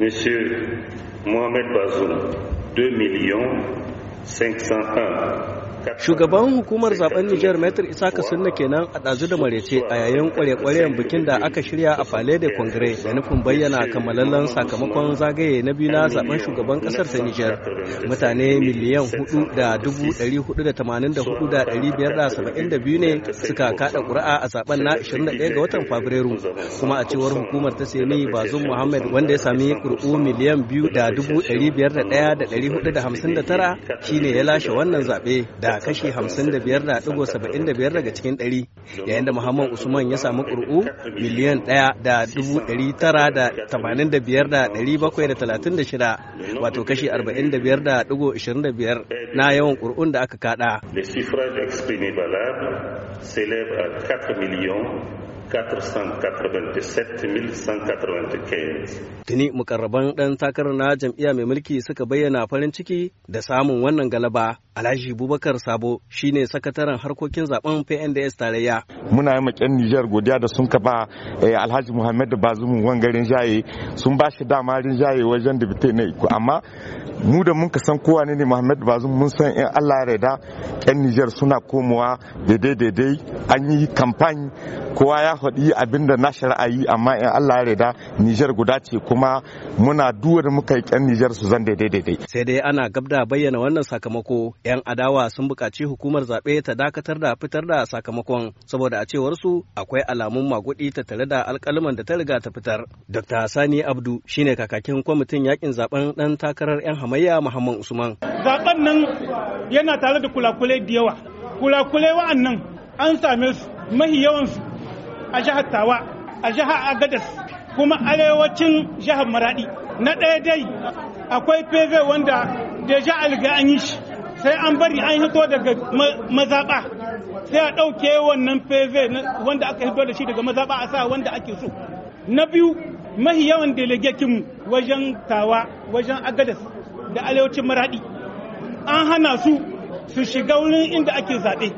Monsieur Mohamed Bazoum, 2 501 Shugaban hukumar zaben Nijar Metir Isaka Sunna kenan a ɗazu da marece a yayin kware-kwaren bikin da aka shirya a Fale de Congre da nufin bayyana kammalallen sakamakon zagaye na biyu na zaben shugaban ƙasar ta Nijar. Mutane miliyan hudu da dubu hudu da tamanin da hudu da biyar da saba'in da biyu ne suka kaɗa ƙuri'a a zaben na ashirin da ga watan Fabrairu. Kuma a cewar hukumar ta Semi Bazum Muhammad wanda ya sami ƙuri'u miliyan biyu da dubu biyar da da hudu da hamsin da tara shine ya lashe wannan zaɓe da kashi 55.75 daga cikin 100 yayin da muhammad usman ya samu ƙuri'u miliyan 1,985,736 wato kashi 45.25 na yawan ƙuri'un da aka kada. Tuni mukarraban ɗan takarar na jam'iyya mai mulki suka bayyana farin ciki da samun wannan galaba. Alhaji Bubakar Sabo shine sakataren harkokin zaben PNDS tarayya. Muna yi makin Nijar godiya da sun kaba eh, Alhaji Muhammadu Bazumu wangarin jaye sun ba shi dama jaye wajen da bite na iko amma mu da mun san kowa ne Muhammadu Bazumu mun san in Allah da yan Nijar suna komowa daidai daidai an yi kamfani kowa ya faɗi abin da na shari'ayi amma in Allah da Nijar guda ce kuma muna duwar muka yi yan Nijar su zan daidai daidai. Sai dai ana gabda bayyana wannan sakamako 'yan adawa sun buƙaci hukumar zaɓe ta dakatar da fitar da sakamakon saboda a cewar su akwai alamun maguɗi tare da alƙaluman da ta riga ta fitar. Dr. Sani Abdu shine kakakin kwamitin yakin zaben ɗan takarar 'yan hamayya Muhammad Usman. Zaben nan yana tare da kulakule da yawa. Kulakule wa'annan an same su mahi yawansu a jihar Tawa, a jihar Agadas, kuma arewacin jihar Maradi. Na ɗaya dai akwai PV wanda deja alga an yi shi sai an bari an hito daga mazaɓa sai a ɗauke wannan pv wanda aka hito da shi daga mazaɓa a sa wanda ake so na biyu mahi yawan delegatin wajen tawa wajen agadas da alewacin maradi an hana su su shiga wurin inda ake zaɓe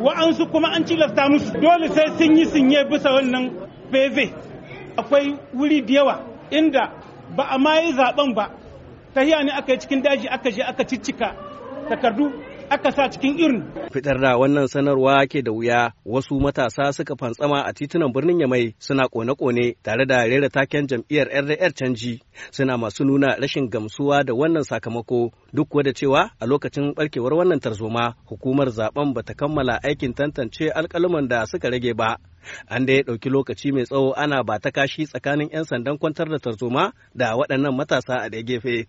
wa'ansu kuma an cilasta musu dole sai sun yi sinye bisa wannan pv akwai wuri da yawa inda ba a ma yi zaɓen ba ta ne aka yi cikin daji aka je aka ciccika takardu aka sa cikin irin. Fitar da wannan sanarwa ke da wuya wasu matasa suka fantsama a titunan birnin Yamai suna kone-kone tare da rera taken jam'iyyar RDR canji suna masu nuna rashin gamsuwa da wannan sakamako duk kuwa da cewa a lokacin barkewar wannan tarzoma hukumar zaben bata kammala aikin tantance alkaluman da suka rage ba. An da ya ɗauki lokaci mai tsawo ana ba ta kashi tsakanin 'yan sandan kwantar da tarzoma da waɗannan matasa a da gefe.